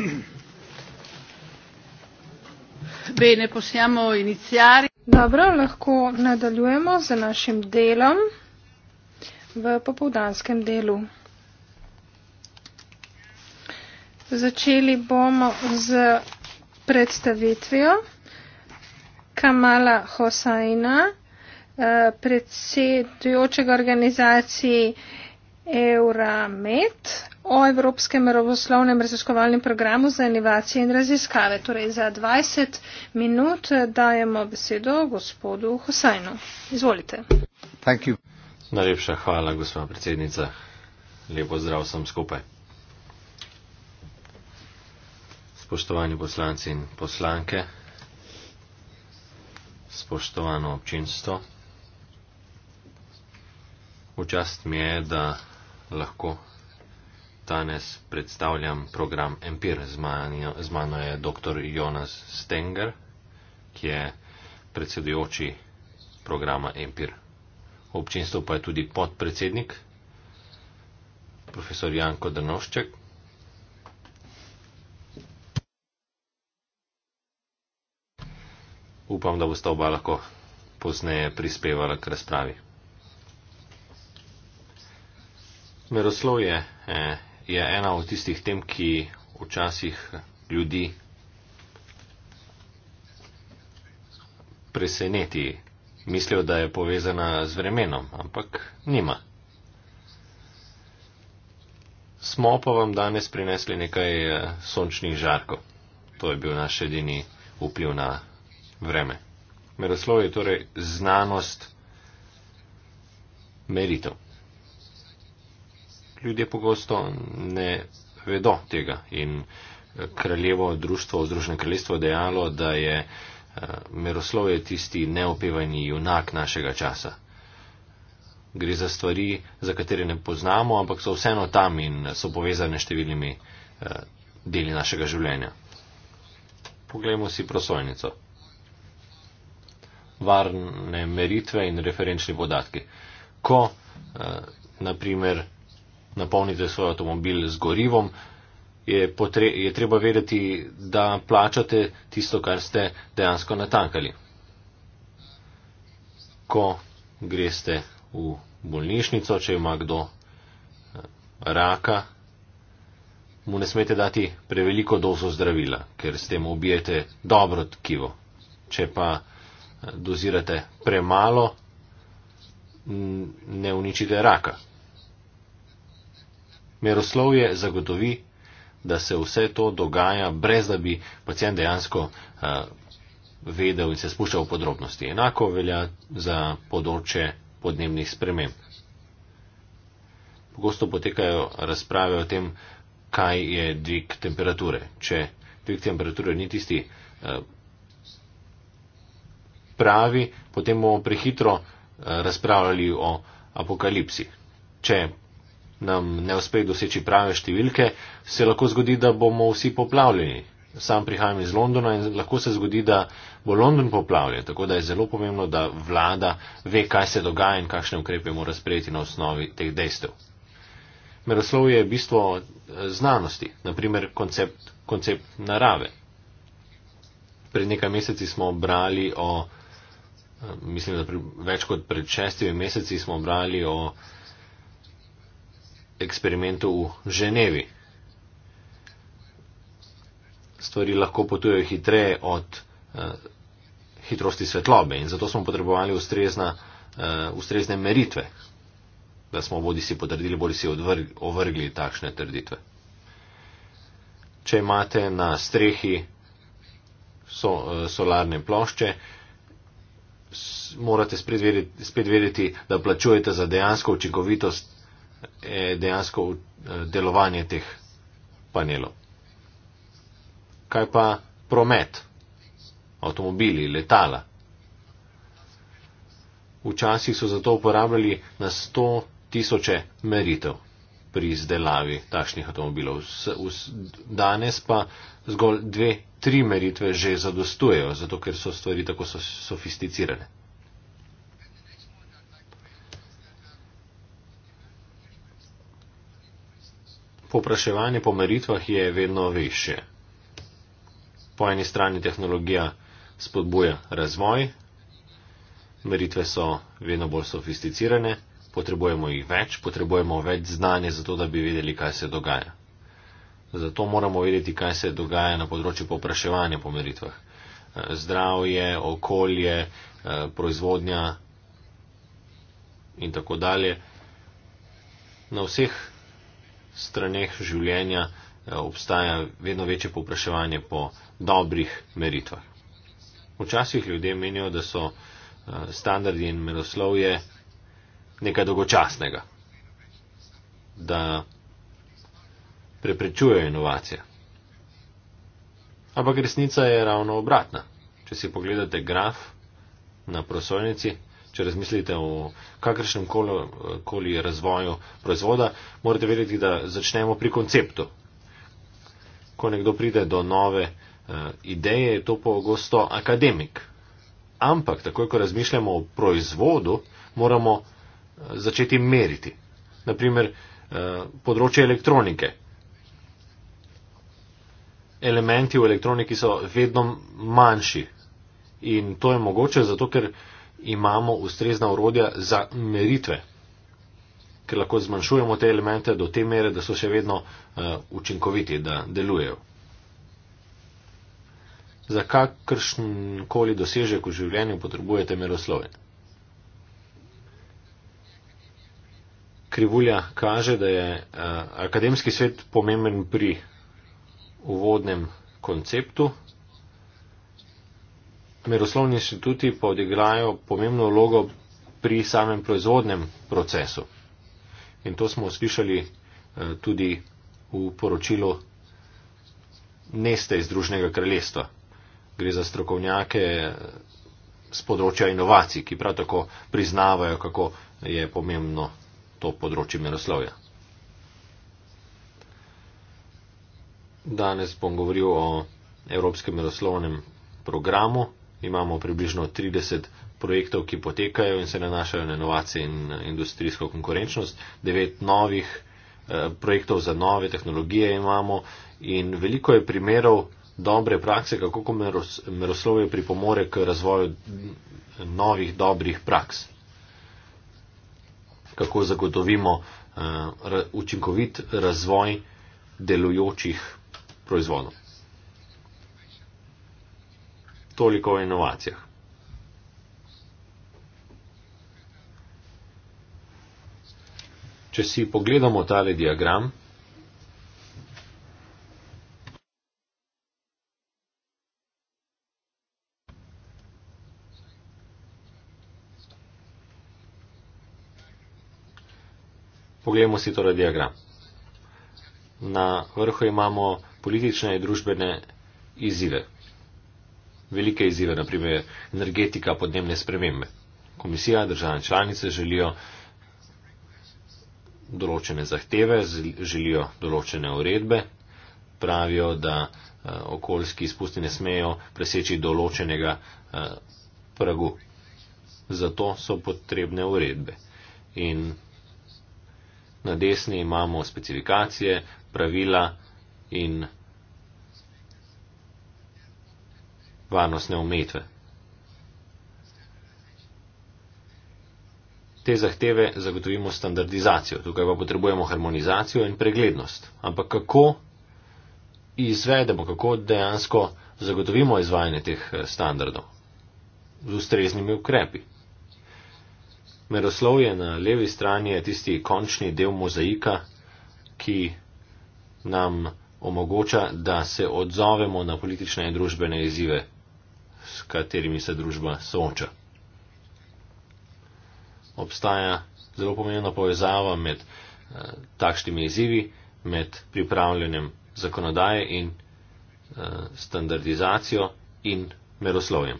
Bene, possiamo iniziare. Dobro, lahko nadaljujemo z našim delom v popoldanskem delu. Začeli bomo z predstavitvijo Kamala Hosaina, eh, predsedujočega organizaciji Euramet o Evropskem meroboslovnem raziskovalnem programu za inovacije in raziskave. Torej za 20 minut dajemo besedo gospodu Hosajnu. Izvolite. Najlepša hvala, gospod predsednica. Lepo zdrav sem skupaj. Spoštovani poslanci in poslanke, spoštovano občinstvo, včast mi je, da lahko danes predstavljam program Empir. Z mano je dr. Jonas Stenger, ki je predsedujoči programa Empir. Občinstvo pa je tudi podpredsednik, profesor Janko Drnošček. Upam, da boste oba lahko pozneje prispevala k razpravi. Meroslov je, eh, je ena od tistih tem, ki včasih ljudi preseneti. Mislijo, da je povezana z vremenom, ampak nima. Smo pa vam danes prinesli nekaj eh, sončnih žarkov. To je bil naš edini vpliv na vreme. Meroslov je torej znanost meritev ljudje pogosto ne vedo tega. In eh, kraljevo društvo, Združeno kraljestvo, dejalo, da je eh, meroslov je tisti neopevani junak našega časa. Gre za stvari, za katere ne poznamo, ampak so vseeno tam in so povezane s številnimi eh, deli našega življenja. Poglejmo si prosojnico. Varne meritve in referenčni podatki. Ko, eh, naprimer, napolnite svoj avtomobil z gorivom, je, potre, je treba vedeti, da plačate tisto, kar ste dejansko natankali. Ko greste v bolnišnico, če ima kdo eh, raka, mu ne smete dati preveliko dozo zdravila, ker s tem ubijete dobro tkivo. Če pa eh, dozirate premalo, ne uničite raka. Meroslovje zagotovi, da se vse to dogaja, brez da bi pacijent dejansko uh, vedel in se spuščal v podrobnosti. Enako velja za področje podnebnih sprememb. Pogosto potekajo razprave o tem, kaj je dvig temperature. Če dvig temperature ni tisti uh, pravi, potem bomo prehitro uh, razpravljali o apokalipsi. Če nam ne uspe doseči prave številke, se lahko zgodi, da bomo vsi poplavljeni. Sam prihajam iz Londona in lahko se zgodi, da bo London poplavljen, tako da je zelo pomembno, da vlada ve, kaj se dogaja in kakšne ukrepe mora sprejeti na osnovi teh dejstev. Meroslov je bistvo eh, znanosti, naprimer koncept, koncept narave. Pred nekaj meseci smo brali o, eh, mislim, da pred, več kot pred šestimi meseci smo brali o eksperimentu v Ženevi. Stvari lahko potujejo hitreje od eh, hitrosti svetlobe in zato smo potrebovali ustrezna, eh, ustrezne meritve, da smo bodi si potrdili, bodi si ovrgli takšne trditve. Če imate na strehi so, eh, solarne plošče, morate spet vedeti, spet vedeti, da plačujete za dejansko učinkovitost je dejansko eh, delovanje teh panelov. Kaj pa promet, avtomobili, letala? Včasih so zato uporabljali na sto tisoče meritev pri izdelavi takšnih avtomobilov. Danes pa zgolj dve, tri meritve že zadostujejo, zato ker so stvari tako sofisticirane. Popraševanje po meritvah je vedno više. Po eni strani tehnologija spodbuja razvoj, meritve so vedno bolj sofisticirane, potrebujemo jih več, potrebujemo več znanja, zato da bi vedeli, kaj se dogaja. Zato moramo vedeti, kaj se dogaja na področju popraševanja po meritvah. Zdravje, okolje, proizvodnja in tako dalje. Na vseh straneh življenja eh, obstaja vedno večje povpraševanje po dobrih meritvah. Včasih ljudje menijo, da so eh, standardi in meroslovje nekaj dolgočasnega, da preprečujejo inovacije. Ampak resnica je ravno obratna. Če si pogledate graf na prosojnici, Če razmislite o kakršnem koli razvoju proizvoda, morate vedeti, da začnemo pri konceptu. Ko nekdo pride do nove eh, ideje, je to pogosto akademik. Ampak, takoj ko razmišljamo o proizvodu, moramo eh, začeti meriti. Naprimer, eh, področje elektronike. Elementi v elektroniki so vedno manjši. In to je mogoče zato, ker imamo ustrezna urodja za meritve, ker lahko zmanjšujemo te elemente do te mere, da so še vedno uh, učinkoviti, da delujejo. Za kakršnkoli dosežek v življenju potrebujete meroslove. Krivulja kaže, da je uh, akademski svet pomemben pri uvodnem konceptu, meroslovni inštituti pa odigrajo pomembno vlogo pri samem proizvodnem procesu. In to smo slišali eh, tudi v poročilu Neste iz Družnega kraljestva. Gre za strokovnjake z eh, področja inovacij, ki prav tako priznavajo, kako je pomembno to področje meroslovja. Danes bom govoril o Evropskem meroslovnem programu imamo približno 30 projektov, ki potekajo in se nanašajo na inovacije in eh, industrijsko konkurenčnost. 9 novih eh, projektov za nove tehnologije imamo in veliko je primerov dobre prakse, kako meroslovje pripomore k razvoju novih dobrih praks. Kako zagotovimo eh, učinkovit razvoj delujočih proizvodov toliko o inovacijah. Če si pogledamo tale diagram, Poglejmo si torej diagram. Na vrhu imamo politične in družbene izzive velike izzive, naprimer energetika, podnebne spremembe. Komisija, države članice želijo določene zahteve, želijo določene uredbe, pravijo, da eh, okoljski izpusti ne smejo preseči določenega eh, pragu. Zato so potrebne uredbe. In na desni imamo specifikacije, pravila in varnostne umetve. Te zahteve zagotovimo standardizacijo, tukaj pa potrebujemo harmonizacijo in preglednost. Ampak kako izvedemo, kako dejansko zagotovimo izvajanje teh eh, standardov? Z ustreznimi ukrepi. Meroslov je na levi strani tisti končni del mozaika, ki nam omogoča, da se odzovemo na politične in družbene izzive s katerimi se družba sooča. Obstaja zelo pomembna povezava med eh, takšnimi izzivi, med pripravljanjem zakonodaje in eh, standardizacijo in meroslovjem.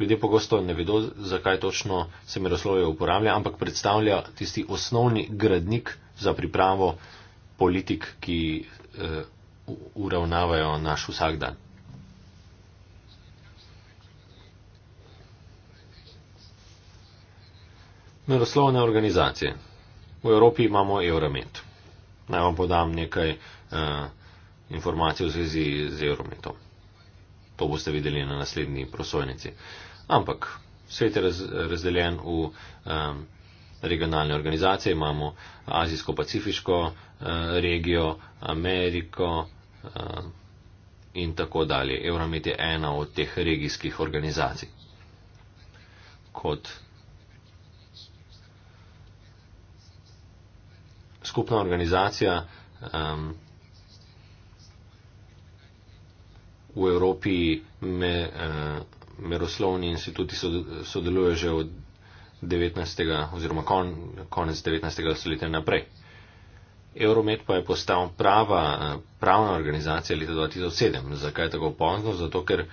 Ljudje pogosto ne vedo, zakaj točno se meroslovje uporablja, ampak predstavlja tisti osnovni gradnik za pripravo politik, ki eh, uravnavajo naš vsakdan. Meroslovne organizacije. V Evropi imamo Euromet. Naj vam podam nekaj eh, informacij v zvezi z Eurometom. To boste videli na naslednji prosojnici. Ampak svet je raz, razdeljen v eh, regionalne organizacije. Imamo Azijsko-Pacifiško eh, regijo, Ameriko eh, in tako dalje. Euromet je ena od teh regijskih organizacij. Kot skupna organizacija um, v Evropi, me, uh, meroslovni instituti sodelujejo že od 19. oziroma kon, konec 19. stoletja naprej. Euromed pa je postal prava, pravna organizacija leta 2007. Zakaj tako pozno? Zato, ker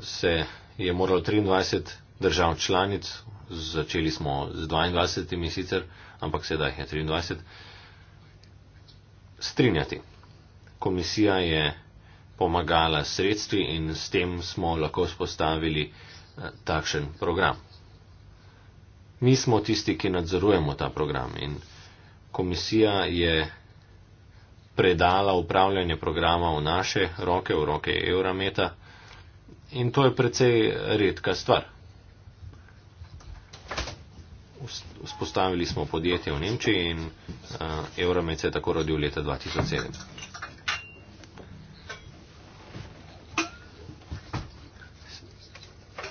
se je moralo 23 držav članic začeli smo z 22, sicer, ampak sedaj je 23, strinjati. Komisija je pomagala sredstvi in s tem smo lahko spostavili eh, takšen program. Mi smo tisti, ki nadzorujemo ta program in komisija je predala upravljanje programa v naše roke, v roke Eurameta in to je precej redka stvar. Vzpostavili smo podjetje v Nemčiji in uh, eh, Euromec je tako rodil leta 2007.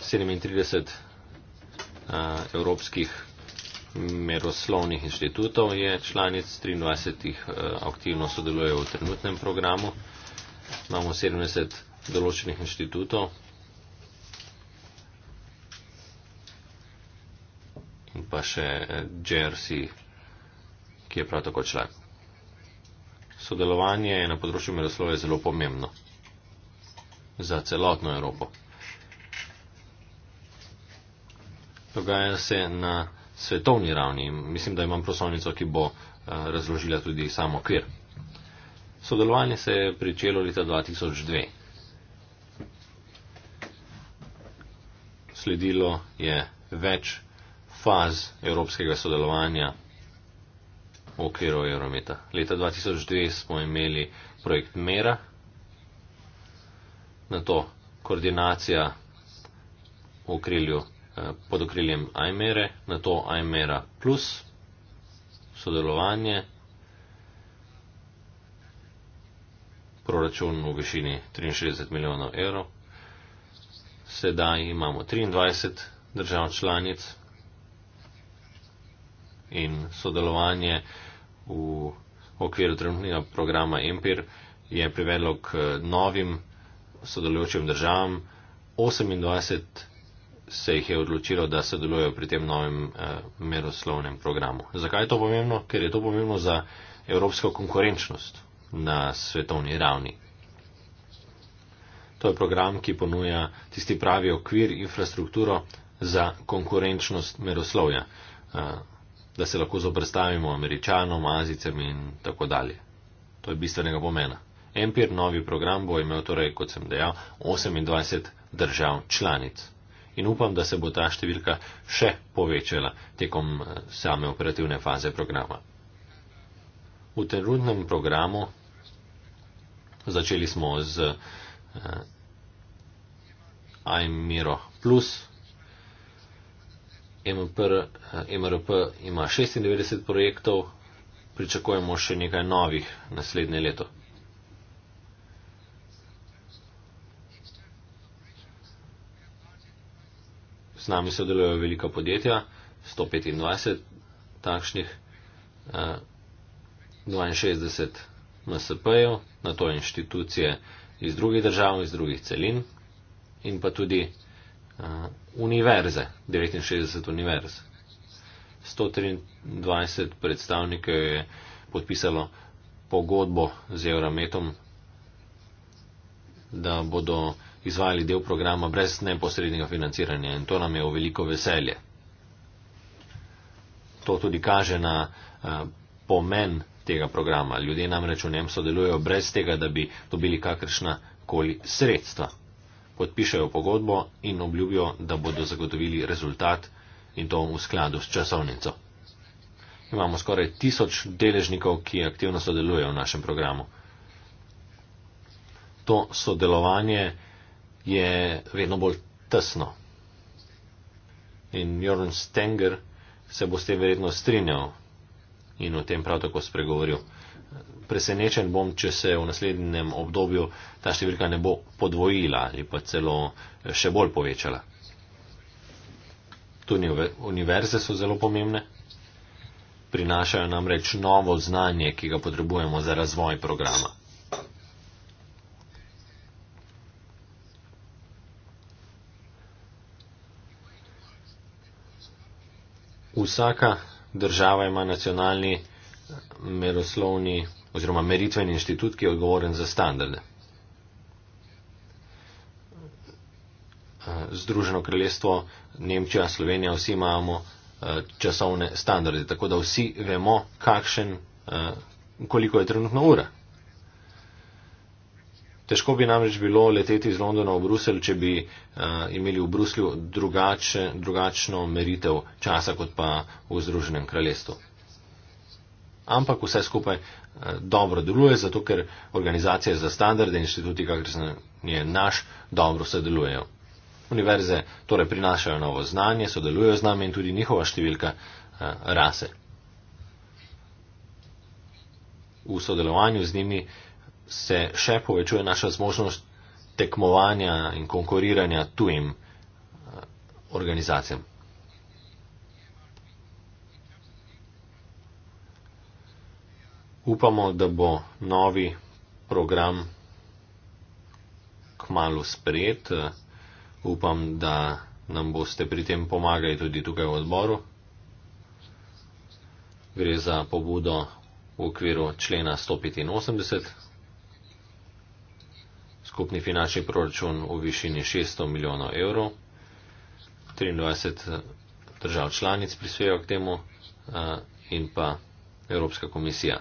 S 37 uh, evropskih meroslovnih inštitutov je članic 23 uh, eh, aktivno sodelujejo v trenutnem programu. Imamo 70 določenih inštitutov, pa še eh, Jersey, ki je prav tako član. Sodelovanje na področju meroslova je zelo pomembno za celotno Evropo. Dogaja se na svetovni ravni. Mislim, da imam prosovnico, ki bo eh, razložila tudi samo okvir. Sodelovanje se je pričelo leta 2002. Sledilo je več faz evropskega sodelovanja v okviru Eurometa. Leta 2002 smo imeli projekt Mera, na to koordinacija okrilju, eh, pod okriljem Aimere, na to Aimera plus sodelovanje, proračun v višini 63 milijonov evrov. Sedaj imamo 23 držav članic, in sodelovanje v okviru trenutnega programa Empir je privedlo k eh, novim sodelujočim državam. 28 se jih je odločilo, da sodelujejo pri tem novem eh, meroslovnem programu. Zakaj je to pomembno? Ker je to pomembno za evropsko konkurenčnost na svetovni ravni. To je program, ki ponuja tisti pravi okvir, infrastrukturo za konkurenčnost meroslovja. Eh, da se lahko zoprstavimo američanom, azicem in tako dalje. To je bistvenega pomena. Empir, novi program, bo imel torej, kot sem dejal, 28 držav članic. In upam, da se bo ta številka še povečala tekom eh, same operativne faze programa. V trenutnem programu začeli smo z uh, eh, iMiro Plus, MPR, eh, MRP ima 96 projektov, pričakujemo še nekaj novih naslednje leto. Z nami sodelujejo velika podjetja, 125 takšnih, 62 eh, MSP-jev, na to inštitucije iz drugih držav, iz drugih celin in pa tudi uh, univerze, 69 univerz. 123 predstavnikov je podpisalo pogodbo z Eurometom, da bodo izvajali del programa brez neposrednega financiranja in to nam je v veliko veselje. To tudi kaže na uh, pomen tega programa. Ljudje namreč v njem sodelujo brez tega, da bi dobili kakršna koli sredstva podpišajo pogodbo in obljubijo, da bodo zagotovili rezultat in to v skladu s časovnico. Imamo skoraj tisoč deležnikov, ki aktivno sodelujejo v našem programu. To sodelovanje je vedno bolj tesno. In Jorn Stenger se bo s tem verjetno strinjal in o tem prav tako spregovoril presenečen bom, če se v naslednjem obdobju ta številka ne bo podvojila ali pa celo eh, še bolj povečala. Tudi univerze so zelo pomembne, prinašajo nam reč novo znanje, ki ga potrebujemo za razvoj programa. Vsaka država ima nacionalni eh, meroslovni oziroma meritveni inštitut, ki je odgovoren za standarde. Eh, Združeno kraljestvo, Nemčija, Slovenija, vsi imamo eh, časovne standarde, tako da vsi vemo, kakšen, eh, koliko je trenutno ura. Težko bi namreč bilo leteti iz Londona v Bruselj, če bi imeli v Bruslju drugačno meritev časa kot pa v Združenem kraljestvu. Ampak vse skupaj eh, dobro deluje, zato ker organizacije za standarde in inštituti, kakor je naš, dobro sodelujejo. Univerze torej prinašajo novo znanje, sodelujejo z nami in tudi njihova številka eh, rase. V sodelovanju z njimi se še povečuje naša zmožnost tekmovanja in konkuriranja tujim eh, organizacijam. upamo, da bo novi program kmalo sprejet. Upam, da nam boste pri tem pomagali tudi tukaj v odboru. Gre za pobudo v okviru člena 185. Skupni finančni proračun v višini 600 milijonov evrov. 23 eh, držav članic prispeva k temu eh, in pa Evropska komisija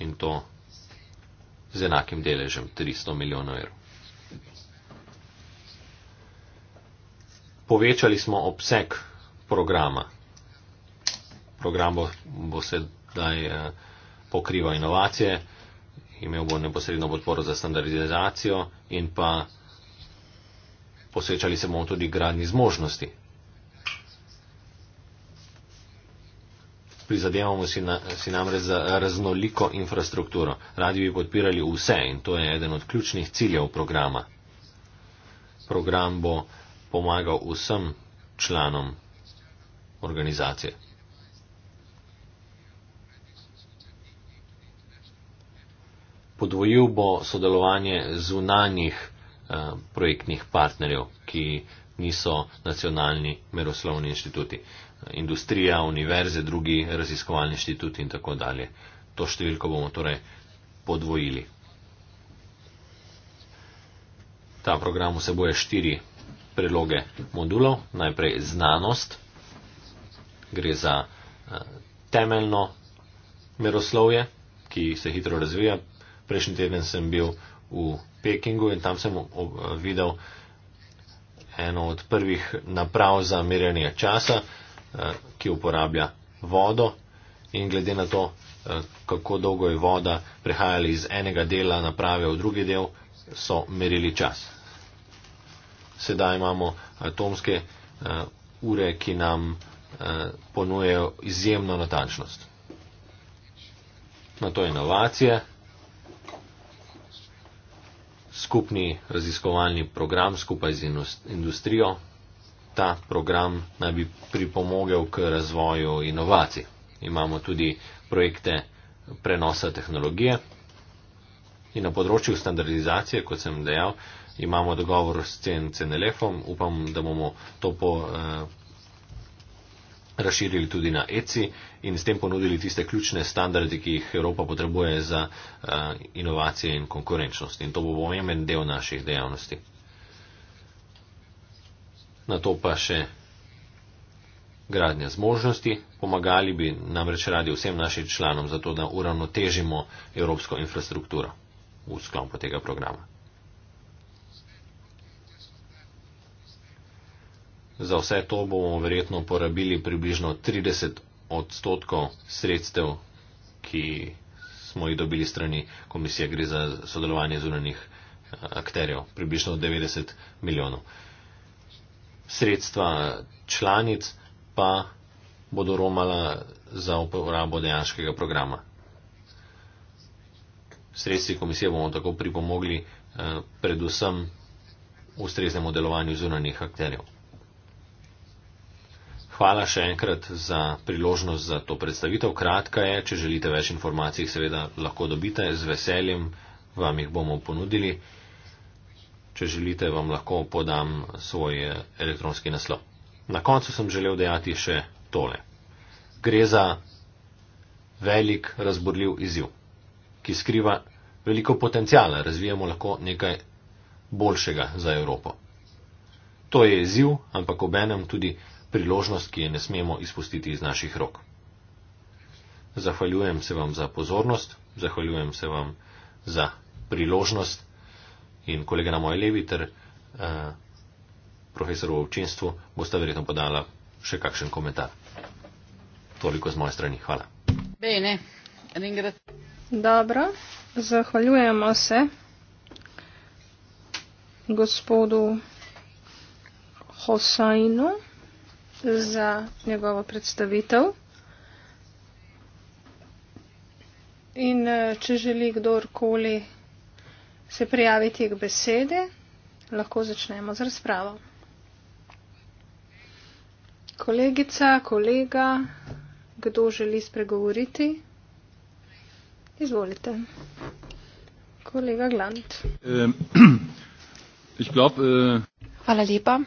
in to z enakim deležem 300 milijonov evrov. Povečali smo obseg programa. Program bo, bo sedaj eh, pokrival inovacije, imel bo neposredno podporo za standardizacijo in pa posvečali se bomo tudi gradni zmožnosti prizadevamo si, na, si namreč za raznoliko infrastrukturo. Radi bi podpirali vse in to je eden od ključnih ciljev programa. Program bo pomagal vsem članom organizacije. Podvojil bo sodelovanje zunanjih eh, projektnih partnerjev, ki niso nacionalni meroslovni inštituti industrija, univerze, drugi raziskovalni inštitut in tako dalje. To številko bomo torej podvojili. Ta program vsebuje štiri predloge modulov. Najprej znanost, gre za eh, temeljno meroslovje, ki se hitro razvija. Prejšnji teden sem bil v Pekingu in tam sem eh, videl eno od prvih naprav za merjanje časa. Eh, ki uporablja vodo in glede na to, eh, kako dolgo je voda prehajala iz enega dela naprave v drugi del, so merili čas. Sedaj imamo atomske eh, ure, ki nam ponujejo izjemno natančnost. Na to je inovacija, skupni raziskovalni program skupaj z industrijo, ta program naj bi pripomogel k razvoju inovacij. Imamo tudi projekte prenosa tehnologije in na področju standardizacije, kot sem dejal, imamo dogovor s CNCNLF-om, upam, da bomo to po, eh, razširili tudi na ECI in s tem ponudili tiste ključne standarde, ki jih Evropa potrebuje za eh, inovacije in konkurenčnost. In to bo pomemben del naših dejavnosti na to pa še gradnja zmožnosti. Pomagali bi namreč radi vsem našim članom za to, da uravnotežimo evropsko infrastrukturo v sklopu tega programa. Za vse to bomo verjetno porabili približno 30 odstotkov sredstev, ki smo jih dobili strani komisije, gre za sodelovanje zunanih eh, akterjev, približno 90 milijonov sredstva članic pa bodo romala za uporabo dejanskega programa. Sredstvi komisije bomo tako pripomogli eh, predvsem ustreznemu delovanju zunanih akterjev. Hvala še enkrat za priložnost za to predstavitev. Kratka je, če želite več informacij, seveda lahko dobite, z veseljem vam jih bomo ponudili. Če želite, vam lahko podam svoj eh, elektronski naslov. Na koncu sem želel dejati še tole. Gre za velik razborljiv izziv, ki skriva veliko potencijala, razvijamo lahko nekaj boljšega za Evropo. To je izziv, ampak obenem tudi priložnost, ki je ne smemo izpustiti iz naših rok. Zahvaljujem se vam za pozornost, zahvaljujem se vam za priložnost in kolega na moji levi ter uh, profesor v občinstvu bosta verjetno podala še kakšen komentar. Toliko z moje strani. Hvala. Bene, Ringrat. Dobro, zahvaljujemo se gospodu Hosajnu za njegovo predstavitev. In eh, če želi kdorkoli se prijaviti k besedi, lahko začnemo z razpravo. Kolegica, kolega, kdo želi spregovoriti? Izvolite. Kolega Glant. Äh, Hvala lepa.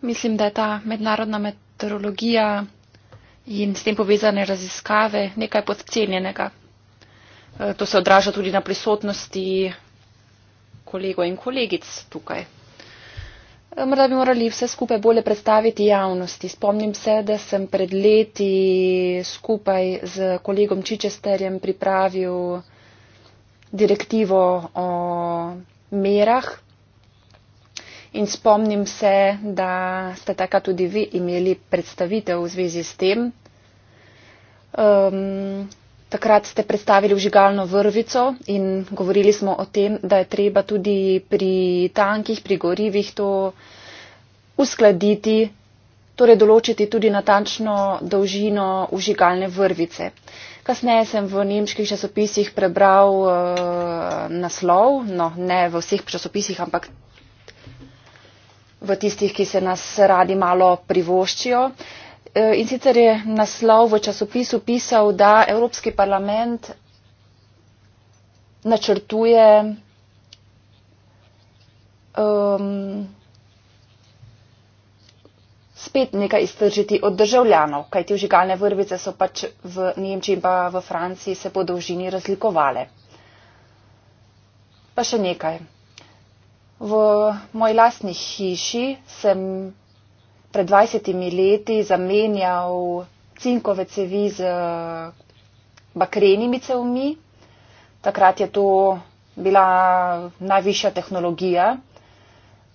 Mislim, da je ta mednarodna meteorologija in s tem povezane raziskave nekaj podcenjenega. Eh, to se odraža tudi na prisotnosti kolegov in kolegic tukaj. Eh, morda bi morali vse skupaj bolje predstaviti javnosti. Spomnim se, da sem pred leti skupaj z kolegom Čičesterjem pripravil direktivo o merah in spomnim se, da ste takrat tudi vi imeli predstavitev v zvezi s tem. Um, Takrat ste predstavili vžigalno vrvico in govorili smo o tem, da je treba tudi pri tankih, pri gorivih to uskladiti, torej določiti tudi natančno dolžino vžigalne vrvice. Kasneje sem v nemških časopisih prebral uh, naslov, no ne v vseh časopisih, ampak v tistih, ki se nas radi malo privoščijo. Uh, E, in sicer je naslov v časopisu pisal, da Evropski parlament načrtuje um, spet nekaj iztržiti od državljanov, kajti vžigalne vrvice so pač v Nemčiji in pa v Franciji se po dolžini razlikovale. Pa še nekaj. V moji lastni hiši sem pred 20 leti zamenjal cinkove cevi z eh, bakrenimi cevmi. Takrat je to bila najvišja tehnologija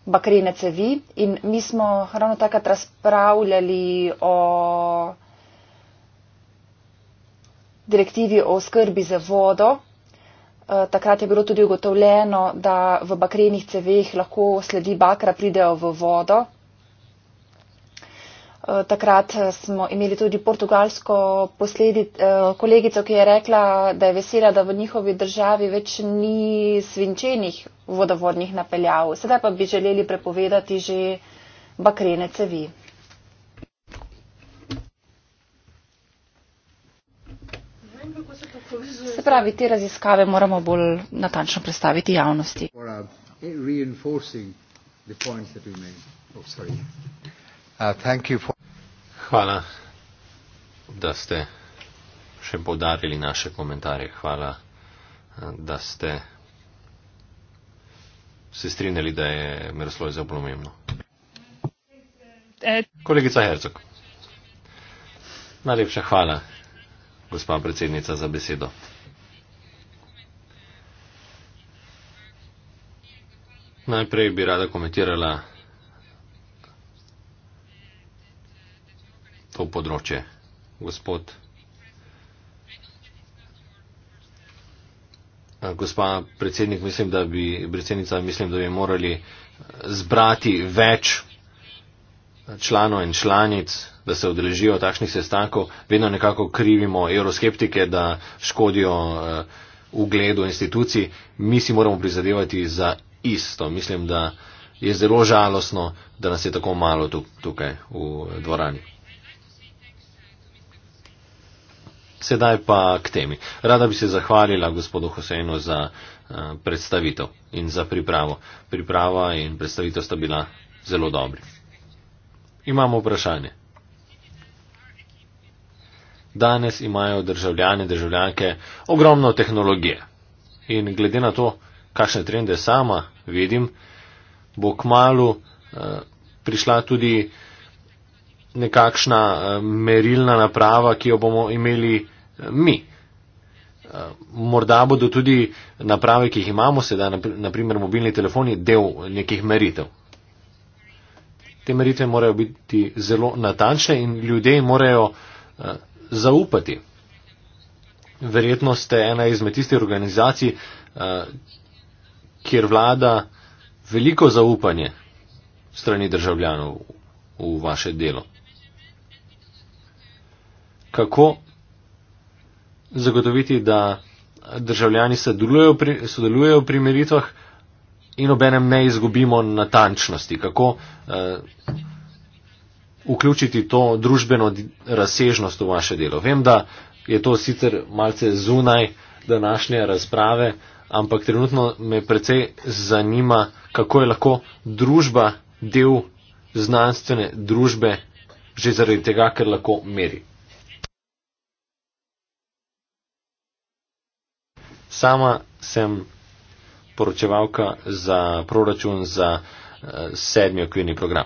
bakrene cevi in mi smo ravno takrat razpravljali o direktivi o skrbi za vodo. Eh, takrat je bilo tudi ugotovljeno, da v bakrenih ceveh lahko sledi bakra pridejo v vodo, Eh, takrat eh, smo imeli tudi portugalsko posledic, eh, kolegico, ki je rekla, da je vesela, da v njihovi državi več ni svinčenih vodovodnih napeljav. Sedaj pa bi želeli prepovedati že bakrene cevi. Se pravi, te raziskave moramo bolj natančno predstaviti javnosti. Uh, oh, uh, thank you for hvala, da ste še podarili naše komentarje. Hvala, da ste se strinjali, da je Miroslav zelo pomembno. Kolegica Herzog. Najlepša hvala, gospa predsednica, za besedo. Najprej bi rada komentirala to področje. Gospod, eh, gospa predsednik, mislim, da bi, predsednica, mislim, da bi morali zbrati več članov in članic, da se odrežijo takšnih sestankov. Vedno nekako krivimo euroskeptike, da škodijo eh, ugledu institucij. Mi si moramo prizadevati za isto. Mislim, da je zelo žalostno, da nas je tako malo tukaj v dvorani. Sedaj pa k temi. Rada bi se zahvalila gospodu Hosejnu za eh, predstavitev in za pripravo. Priprava in predstavitev sta bila zelo dobri. Imamo vprašanje. Danes imajo državljani, državljanke ogromno tehnologije. In glede na to, kakšne trende sama vidim, bo k malu eh, prišla tudi eh, nekakšna eh, merilna naprava, ki jo bomo imeli eh, mi. Eh, morda bodo tudi naprave, ki jih imamo sedaj, naprimer mobilni telefoni, del nekih meritev. Te meritve morajo biti zelo natančne in ljudje morajo zaupati. Verjetno ste ena izmed tistih organizacij, kjer vlada veliko zaupanje strani državljanov v vaše delo kako zagotoviti, da državljani sodelujejo pri, sodelujejo pri meritvah in obenem ne izgubimo natančnosti, kako uh, vključiti to družbeno razsežnost v vaše delo. Vem, da je to sicer malce zunaj današnje razprave, ampak trenutno me precej zanima, kako je lahko družba del znanstvene družbe že zaradi tega, ker lahko meri. Sama sem poročevalka za proračun za eh, sedmi okvirni program.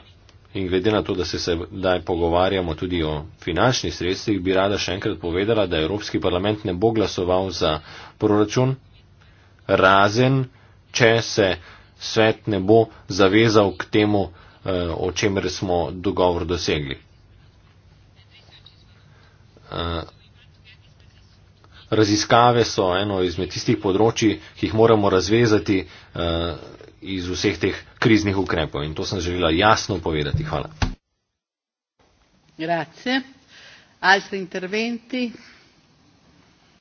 In glede na to, da se sedaj pogovarjamo tudi o finančnih sredstvih, bi rada še enkrat povedala, da Evropski parlament ne bo glasoval za proračun, razen, če se svet ne bo zavezal k temu, eh, o čemer smo dogovor dosegli. Eh, raziskave so eno izmed tistih področji, ki jih moramo razvezati uh, iz vseh teh kriznih ukrepov. In to sem želela jasno povedati. Hvala. Grazie. Altri interventi?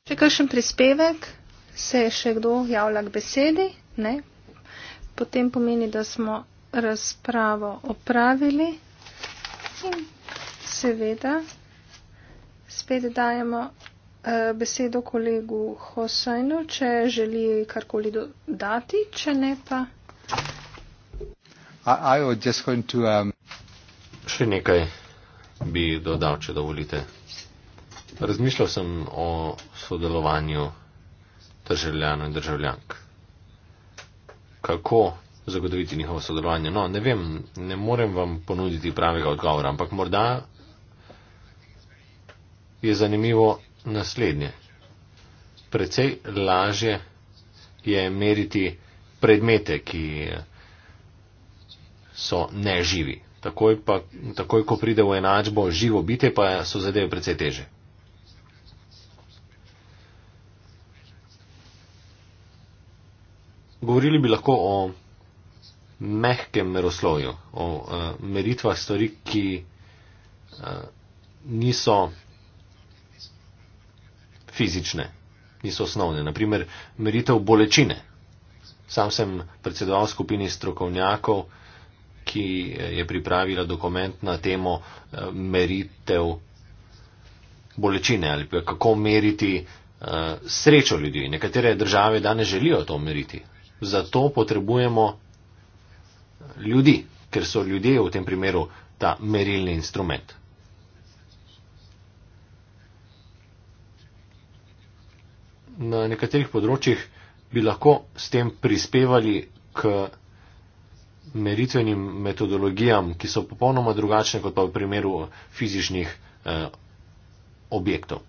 Če kakšen prispevek, se je še kdo javlja k besedi? Ne? Potem pomeni, da smo razpravo opravili in seveda spet dajemo Eh, besedo kolegu Hosajnu, če želi karkoli dodati, če ne pa. I, I was just going to, um... Še nekaj bi dodal, če dovolite. Razmišljal sem o sodelovanju državljanov in državljank. Kako zagotoviti njihovo sodelovanje? No, ne vem, ne morem vam ponuditi pravega odgovora, ampak morda je zanimivo naslednje. Predvsej lažje je meriti predmete, ki so neživi. Takoj, pa, takoj ko pride v enačbo živo bite, pa so zadeve predvsej teže. Govorili bi lahko o mehkem meroslovju, o uh, meritvah stvari, ki uh, niso fizične, niso osnovne. Naprimer, meritev bolečine. Sam sem predsedoval skupini strokovnjakov, ki eh, je pripravila dokument na temo eh, meritev bolečine ali pa kako meriti eh, srečo ljudi. Nekatere države danes želijo to meriti. Zato potrebujemo ljudi, ker so ljudje v tem primeru ta merilni instrument. na nekaterih področjih bi lahko s tem prispevali k meritvenim metodologijam, ki so popolnoma drugačne kot pa v primeru fizičnih eh, objektov.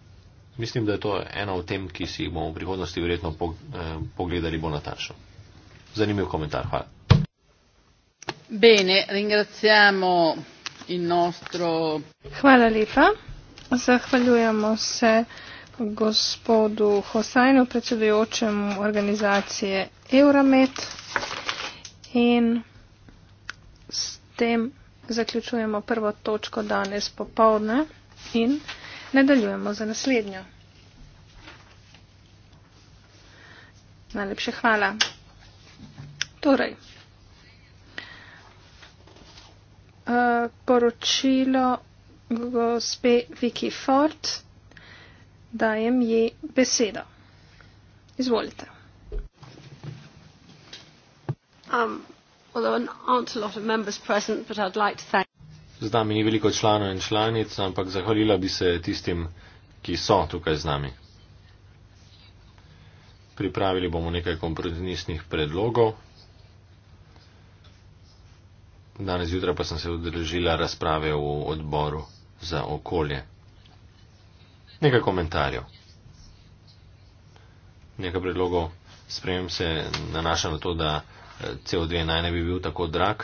Mislim, da je to ena od tem, ki si jih bomo v prihodnosti verjetno eh, pogledali bolj natančno. Zanimiv komentar, hvala. Bene, ringraziamo in nostro. Hvala lepa. Zahvaljujemo se gospodu Hosajnu, predsedujočemu organizacije Euromet. In s tem zaključujemo prvo točko danes popovdne in nadaljujemo za naslednjo. Najlepše hvala. Torej, eh, poročilo gospe Vicky Ford dajem ji besedo. Izvolite. Um, like thank... Z nami ni veliko članov in članic, ampak zahvalila bi se tistim, ki so tukaj z nami. Pripravili bomo nekaj kompromisnih predlogov. Danes zjutraj pa sem se odrežila razprave v odboru za okolje. Nekaj komentarjev, nekaj predlogov, sprejem se nanaša na to, da eh, CO2 naj ne bi bil tako drag.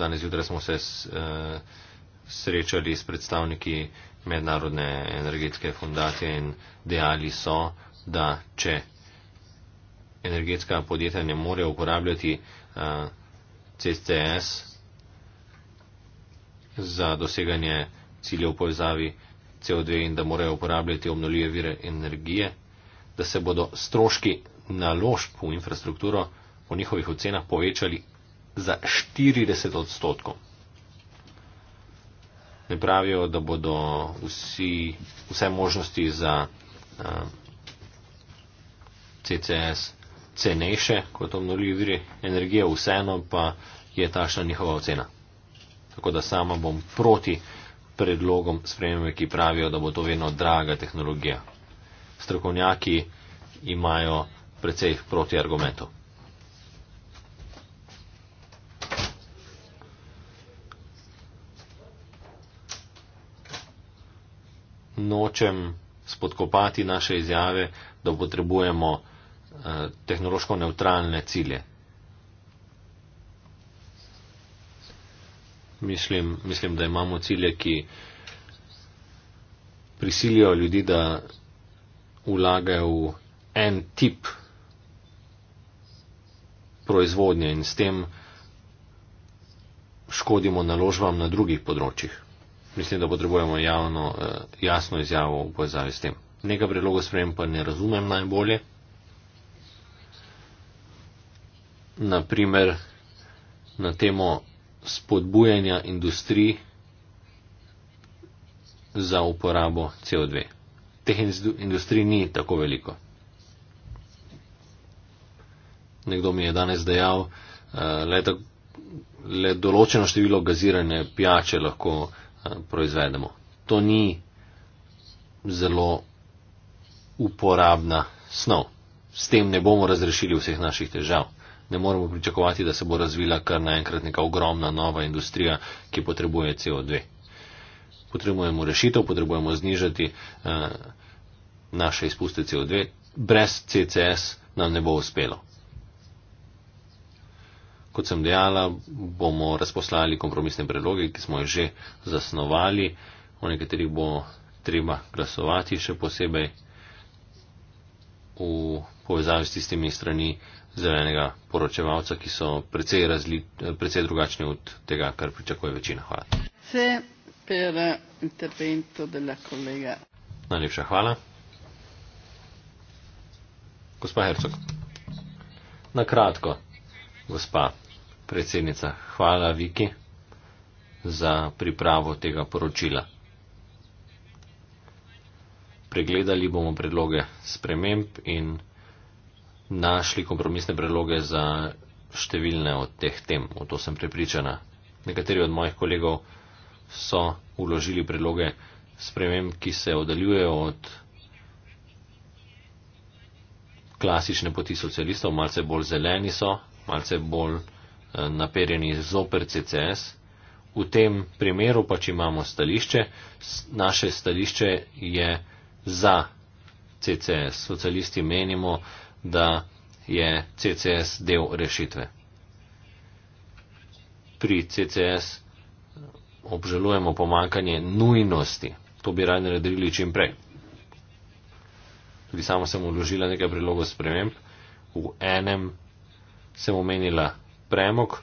Danes zjutraj smo se s, e, srečali s predstavniki mednarodne energetske fundacije in dejali so, da če energetska podjetja ne more uporabljati e, eh, CCS za doseganje ciljev povezavi, CO2 in da morajo uporabljati obnoljive vire energije, da se bodo stroški naložb v infrastrukturo po njihovih ocenah povečali za 40 odstotkov. Ne pravijo, da bodo vsi, vse možnosti za eh, CCS cenejše kot obnoljivi viri energije, vseeno pa je tašna njihova ocena. Tako da sama bom proti predlogom spremembe, ki pravijo, da bo to vedno draga tehnologija. Strokovnjaki imajo precej protiargumentov. Nočem spodkopati naše izjave, da potrebujemo eh, tehnološko neutralne cilje. Mislim, mislim, da imamo cilje, ki prisilijo ljudi, da vlagajo v en tip proizvodnje in s tem škodimo naložbam na drugih področjih. Mislim, da potrebujemo javno, eh, jasno izjavo v povezavi s tem. Nekaj predlogov sprejem pa ne razumem najbolje. Naprimer, na temo spodbujanja industrij za uporabo CO2. Teh industrij ni tako veliko. Nekdo mi je danes dejal, da eh, le določeno število gazirane pijače lahko eh, proizvedemo. To ni zelo uporabna snov. S tem ne bomo razrešili vseh naših težav ne moremo pričakovati, da se bo razvila kar naenkrat neka ogromna nova industrija, ki potrebuje CO2. Potrebujemo rešitev, potrebujemo znižati eh, naše izpuste CO2. Brez CCS nam ne bo uspelo. Kot sem dejala, bomo razposlali kompromisne predloge, ki smo jih že zasnovali. O nekaterih bo treba glasovati, še posebej v povezavi s tistimi strani, za enega poročevalca, ki so precej, razli, precej drugačni od tega, kar pričakuje večina. Hvala. Najlepša hvala. Gospa Hercog. Na kratko, gospa predsednica, hvala Viki za pripravo tega poročila. Pregledali bomo predloge sprememb in našli kompromisne predloge za številne od teh tem, o to sem prepričana. Nekateri od mojih kolegov so uložili predloge sprememb, ki se oddaljujejo od klasične poti socialistov, malce bolj zeleni so, malce bolj eh, naperjeni zoper CCS. V tem primeru pač imamo stališče, naše stališče je za CCS. Socialisti menimo, da je CCS del rešitve. Pri CCS obžalujemo pomankanje nujnosti. To bi radi naredili čim prej. Tudi sama sem uložila nekaj prilogov sprememb. V enem sem omenila premog.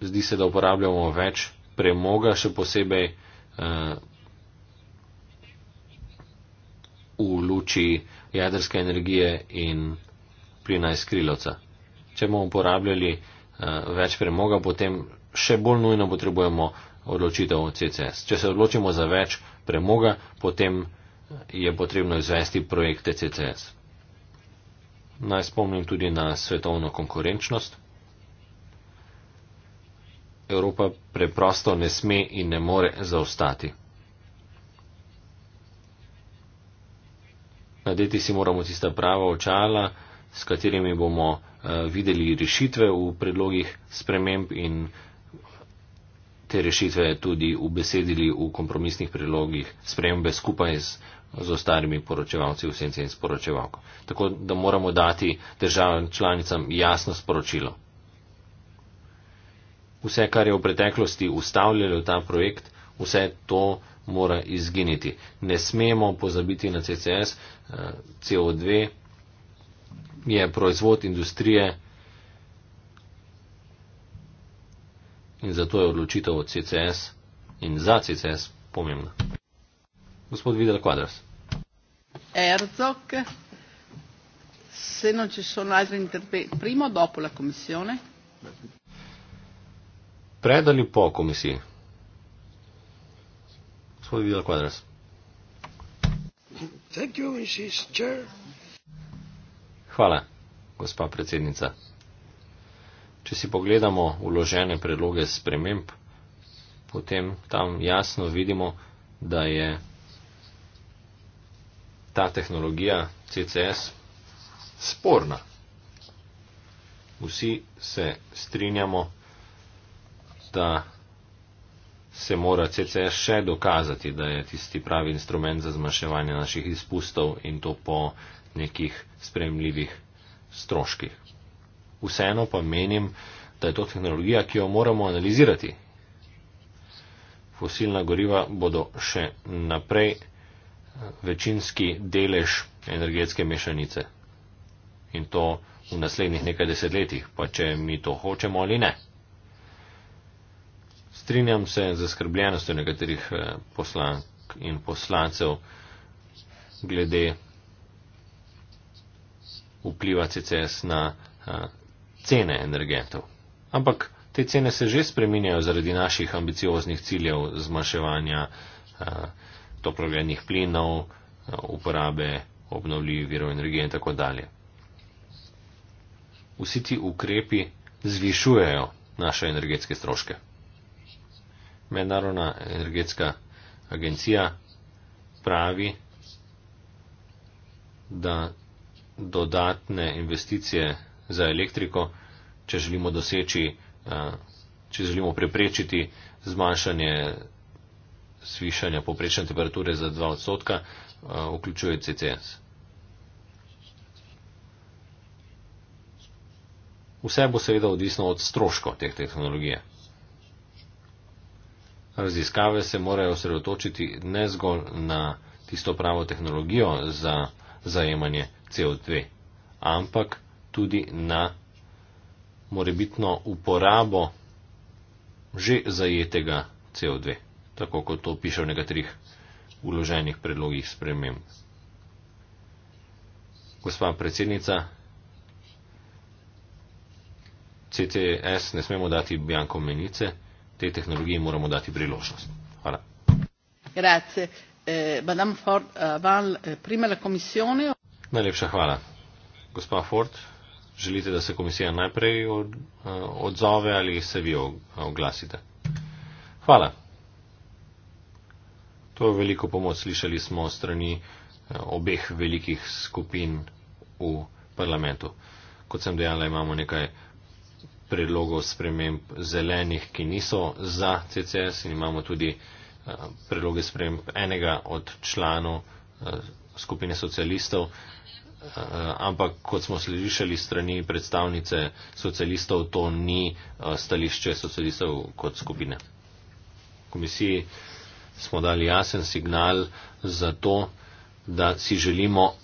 Zdi se, da uporabljamo več premoga, še posebej eh, v luči jedrske energije in plina iz krilovca. Če bomo uporabljali uh, več premoga, potem še bolj nujno potrebujemo odločitev CCS. Če se odločimo za več premoga, potem eh, je potrebno izvesti projekte CCS. Naj spomnim tudi na svetovno konkurenčnost. Evropa preprosto ne sme in ne more zaostati. nadeti si moramo tista prava očala, s katerimi bomo eh, videli rešitve v predlogih sprememb in te rešitve tudi ubesedili v kompromisnih predlogih spremembe skupaj z, z ostalimi poročevalci v senci in sporočevalko. Tako da moramo dati državam članicam jasno sporočilo. Vse, kar je v preteklosti ustavljalo ta projekt, vse to mora izginiti. Ne smemo pozabiti na CCS, eh, CO2 je proizvod industrije in zato je odločitev od CCS in za CCS pomembna. Gospod Videl Quadras. Erzok, se non ci sono altri interventi, prima o dopo la commissione? Pred ali po komisiji? Gospod Vila Quadras. Hvala, gospa predsednica. Če si pogledamo uložene predloge sprememb, potem tam jasno vidimo, da je ta tehnologija CCS sporna. Vsi se strinjamo, da se mora CCS še dokazati, da je tisti pravi instrument za zmanjševanje naših izpustov in to po nekih spremljivih stroških. Vseeno pa menim, da je to tehnologija, ki jo moramo analizirati. Fosilna goriva bodo še naprej eh, večinski delež energetske mešanice. In to v naslednjih nekaj desetletjih, pa če mi to hočemo ali ne. Strinjam se z zaskrbljenostjo nekaterih eh, poslank in poslancev glede vpliva CCS na eh, cene energentov. Ampak te cene se že spreminjajo zaradi naših ambicioznih ciljev zmanjševanja eh, toplogrednih plinov, uporabe obnovljivih virov energije in tako dalje. Vsi ti ukrepi zvišujejo naše energetske stroške. Mednarodna energetska agencija pravi, da dodatne investicije za elektriko, če želimo doseči, če želimo preprečiti zmanjšanje svišanja poprečne temperature za 2 odstotka, vključuje CCS. Vse bo seveda odvisno od stroško teh tehnologije raziskave se morajo osredotočiti ne zgolj na tisto pravo tehnologijo za zajemanje CO2, ampak tudi na morebitno uporabo že zajetega CO2, tako kot to piše v nekaterih uloženih predlogih sprememb. Gospa predsednica, CCS ne smemo dati bjankomenice tej tehnologiji moramo dati priložnost. Hvala. Grazie. Eh, Madame Ford, eh, van eh, prima la commissione. Najlepša hvala. Gospa Ford, želite, da se komisija najprej od, odzove ali se vi oglasite? Hvala. To je veliko pomoč. Slišali smo strani obeh velikih skupin v parlamentu. Kot sem dejala, imamo nekaj predlogov sprememb zelenih, ki niso za CCS in imamo tudi eh, predloge sprememb enega od članov eh, skupine socialistov. Eh, ampak, kot smo slišali strani predstavnice socialistov, to ni stališče socialistov kot skupine. Komisiji smo dali jasen signal za to, da si želimo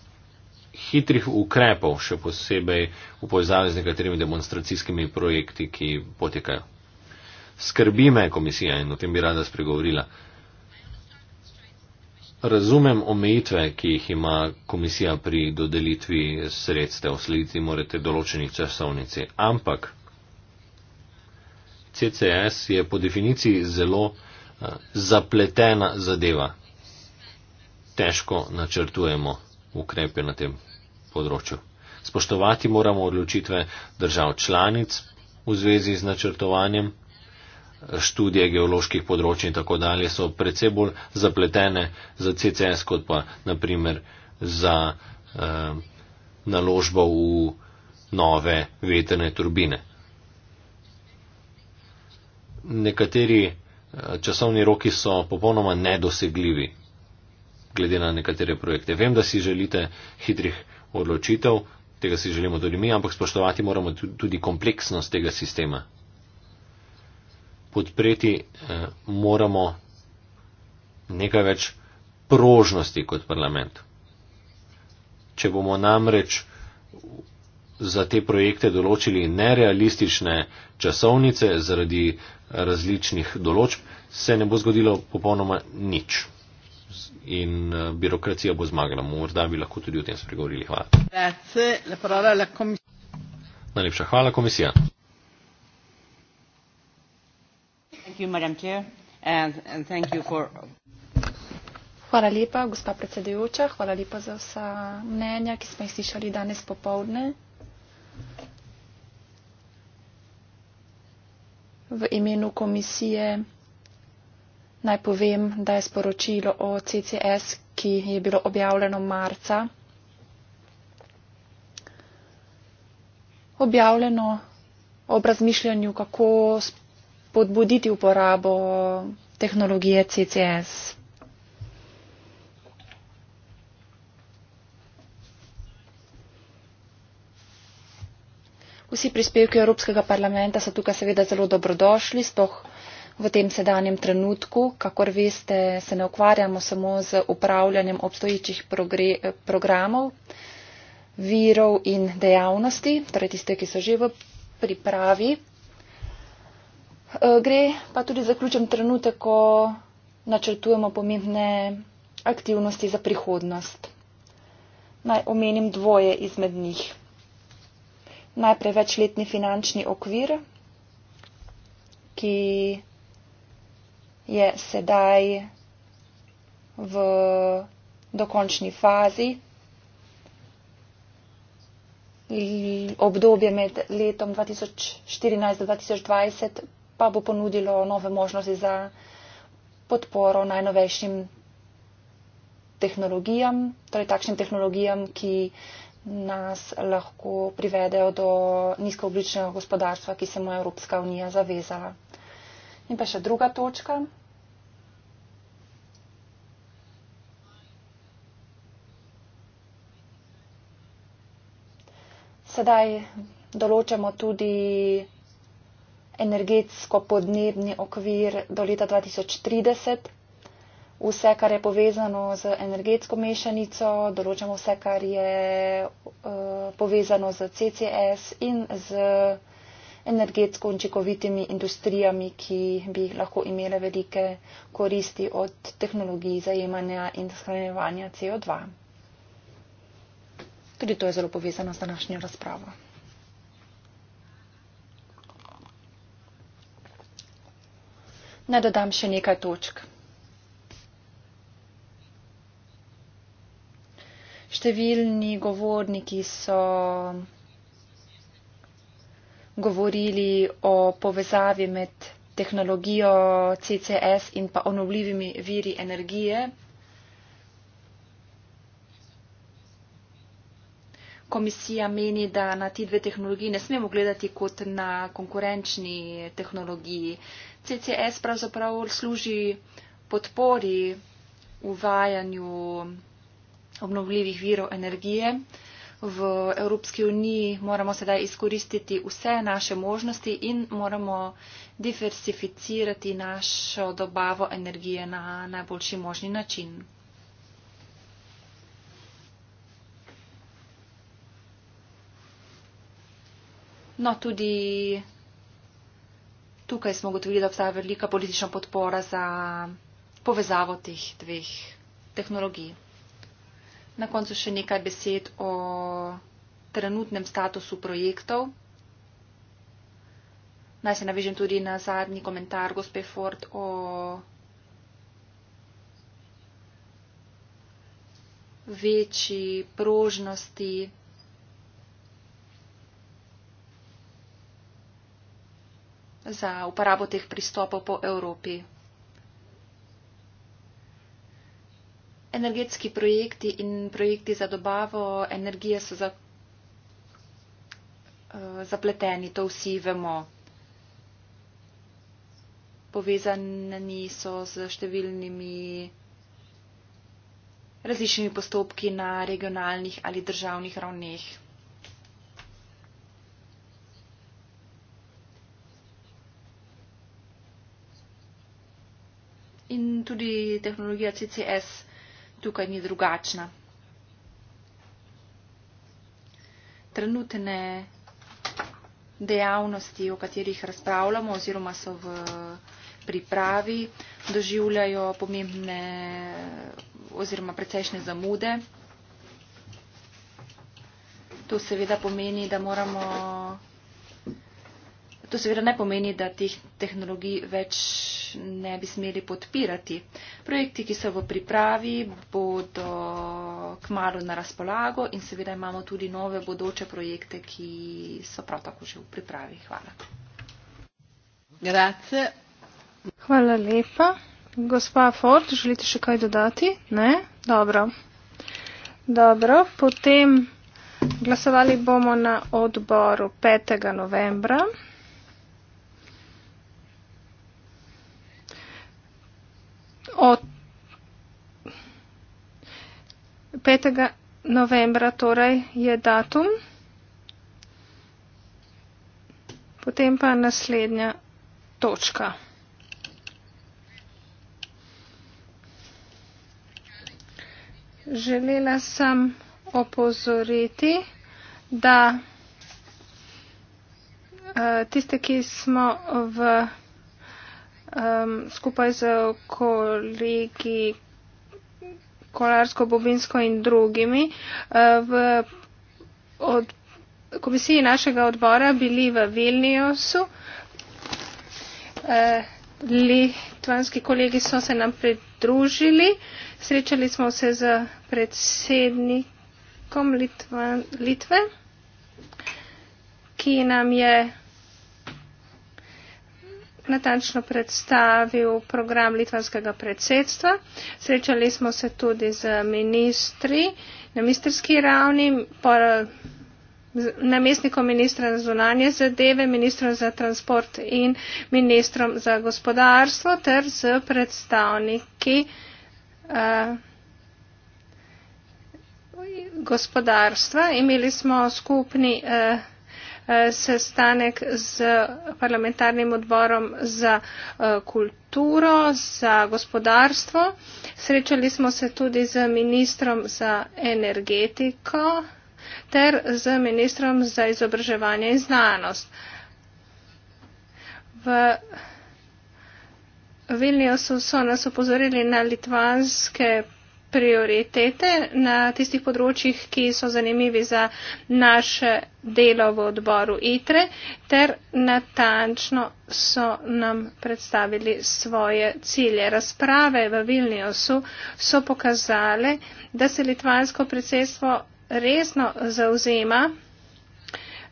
hitrih ukrepov, še posebej v povezavi z nekaterimi demonstracijskimi projekti, ki potekajo. Skrbi me komisija in o tem bi rada spregovorila. Razumem omejitve, ki jih ima komisija pri dodelitvi sredstev, slediti morate določenih časovnici, ampak CCS je po definiciji zelo eh, zapletena zadeva. Težko načrtujemo ukrepe na tem področju. Spoštovati moramo odločitve držav članic v zvezi z načrtovanjem, študije geoloških področji in tako dalje so predvsej bolj zapletene za CCS kot pa naprimer za eh, naložbo v nove veterne turbine. Nekateri eh, časovni roki so popolnoma nedosegljivi glede na nekatere projekte. Vem, da si želite hitrih odločitev, tega si želimo tudi mi, ampak spoštovati moramo tudi kompleksnost tega sistema. Podpreti eh, moramo nekaj več prožnosti kot parlament. Če bomo namreč za te projekte določili nerealistične časovnice zaradi različnih določb, se ne bo zgodilo popolnoma nič in eh, birokracija bo zmagala. Morda bi lahko tudi o tem spregovorili. Hvala. Najlepša hvala, komisija. Hvala lepa, gospa predsedujoča. Hvala lepa za vsa mnenja, ki smo jih slišali danes popovdne. V imenu komisije Naj povem, da je sporočilo o CCS, ki je bilo objavljeno marca, objavljeno ob razmišljanju, kako spodbuditi uporabo tehnologije CCS. Vsi prispevki Evropskega parlamenta so tukaj seveda zelo dobrodošli, spohaj v tem sedanjem trenutku. Kakor veste, se ne ukvarjamo samo z upravljanjem obstoječih programov, virov in dejavnosti, torej tiste, ki so že v pripravi. Eh, gre pa tudi za ključen trenutek, ko načrtujemo pomembne aktivnosti za prihodnost. Naj omenim dvoje izmed njih. Najprej večletni finančni okvir, ki je sedaj v dokončni fazi. Obdobje med letom 2014-2020 pa bo ponudilo nove možnosti za podporo najnovejšim tehnologijam, torej takšnim tehnologijam, ki nas lahko privedejo do nizkooblične gospodarstva, ki se mu je Evropska unija zavezala. In pa še druga točka. Sedaj določamo tudi energetsko-podnebni okvir do leta 2030. Vse, kar je povezano z energetsko mešanico, določamo vse, kar je uh, povezano z CCS in z energetsko učinkovitimi industrijami, ki bi lahko imele velike koristi od tehnologij zajemanja in shranjevanja CO2. Tudi to je zelo povezano z današnjo razpravo. Naj dodam še nekaj točk. Številni govorniki so govorili o povezavi med tehnologijo CCS in pa onovljivimi viri energije. Komisija meni, da na ti dve tehnologiji ne smemo gledati kot na konkurenčni tehnologiji. CCS pravzaprav služi podpori uvajanju obnovljivih virov energije v Evropski uniji moramo sedaj izkoristiti vse naše možnosti in moramo diversificirati našo dobavo energije na najboljši možni način. No, tudi tukaj smo ugotovili, da obstaja velika politična podpora za povezavo teh dveh tehnologij. Na koncu še nekaj besed o trenutnem statusu projektov. Naj se navežem tudi na zadnji komentar gospe Ford o večji prožnosti. za uporabo teh pristopov po Evropi. energetski projekti in projekti za dobavo energije so za, uh, zapleteni, to vsi vemo. Povezani so z številnimi različnimi postopki na regionalnih ali državnih ravneh. In tudi tehnologija CCS tukaj ni drugačna. Trenutne dejavnosti, o katerih razpravljamo oziroma so v pripravi, doživljajo pomembne oziroma precejšnje zamude. To seveda pomeni, da moramo To seveda ne pomeni, da teh tehnologij več ne bi smeli podpirati. Projekti, ki so v pripravi, bodo kmalo na razpolago in seveda imamo tudi nove bodoče projekte, ki so prav tako že v pripravi. Hvala. Grazie. Hvala lepa. Gospa Ford, želite še kaj dodati? Ne? Dobro. Dobro, potem glasovali bomo na odboru 5. novembra. od 5. novembra torej je datum. Potem pa naslednja točka. Želela sem opozoriti, da eh, tiste, ki smo v um, skupaj z kolegi Kolarsko, Bobinsko in drugimi uh, v od, komisiji našega odbora bili v Vilniusu. Uh, Litvanski kolegi so se nam pridružili. Srečali smo se z predsednikom Litva, Litve, ki nam je natančno predstavil program litvanskega predsedstva. Srečali smo se tudi z ministri na ministerski ravni, namestnikom ministra za zunanje zadeve, ministrom za transport in ministrom za gospodarstvo ter z predstavniki uh, gospodarstva. Imeli smo skupni uh, Eh, sestanek z parlamentarnim odborom za eh, kulturo, za gospodarstvo. Srečali smo se tudi z ministrom za energetiko ter z ministrom za izobraževanje in znanost. V Vilniusu so nas opozorili na litvanske prioritete na tistih področjih, ki so zanimivi za naše delo v odboru ITRE, ter natančno so nam predstavili svoje cilje. Razprave v Vilniusu so pokazale, da se litvansko predsedstvo resno zauzema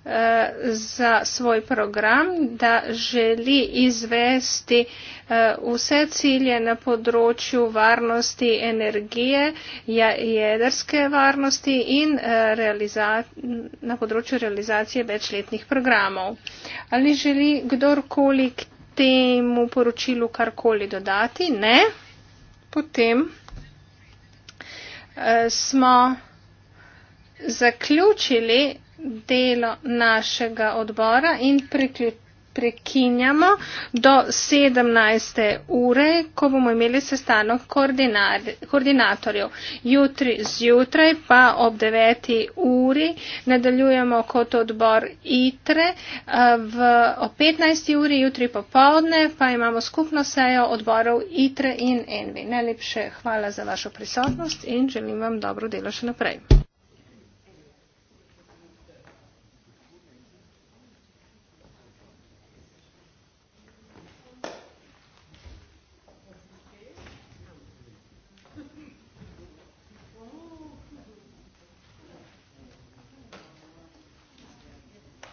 Eh, za svoj program, da želi izvesti eh, vse cilje na področju varnosti energije, ja, jedrske varnosti in eh, na področju realizacije večletnih programov. Ali želi kdorkoli k temu poročilu karkoli dodati? Ne. Potem smo zaključili delo našega odbora in prekinjamo do 17. ure, ko bomo imeli sestanok koordinatorjev. Jutri zjutraj pa ob 9. uri nadaljujemo kot odbor ITRE. Eh, v, ob 15. uri jutri popovdne pa imamo skupno sejo odborov ITRE in ENVI. Najlepše hvala za vašo prisotnost in želim vam dobro delo še naprej.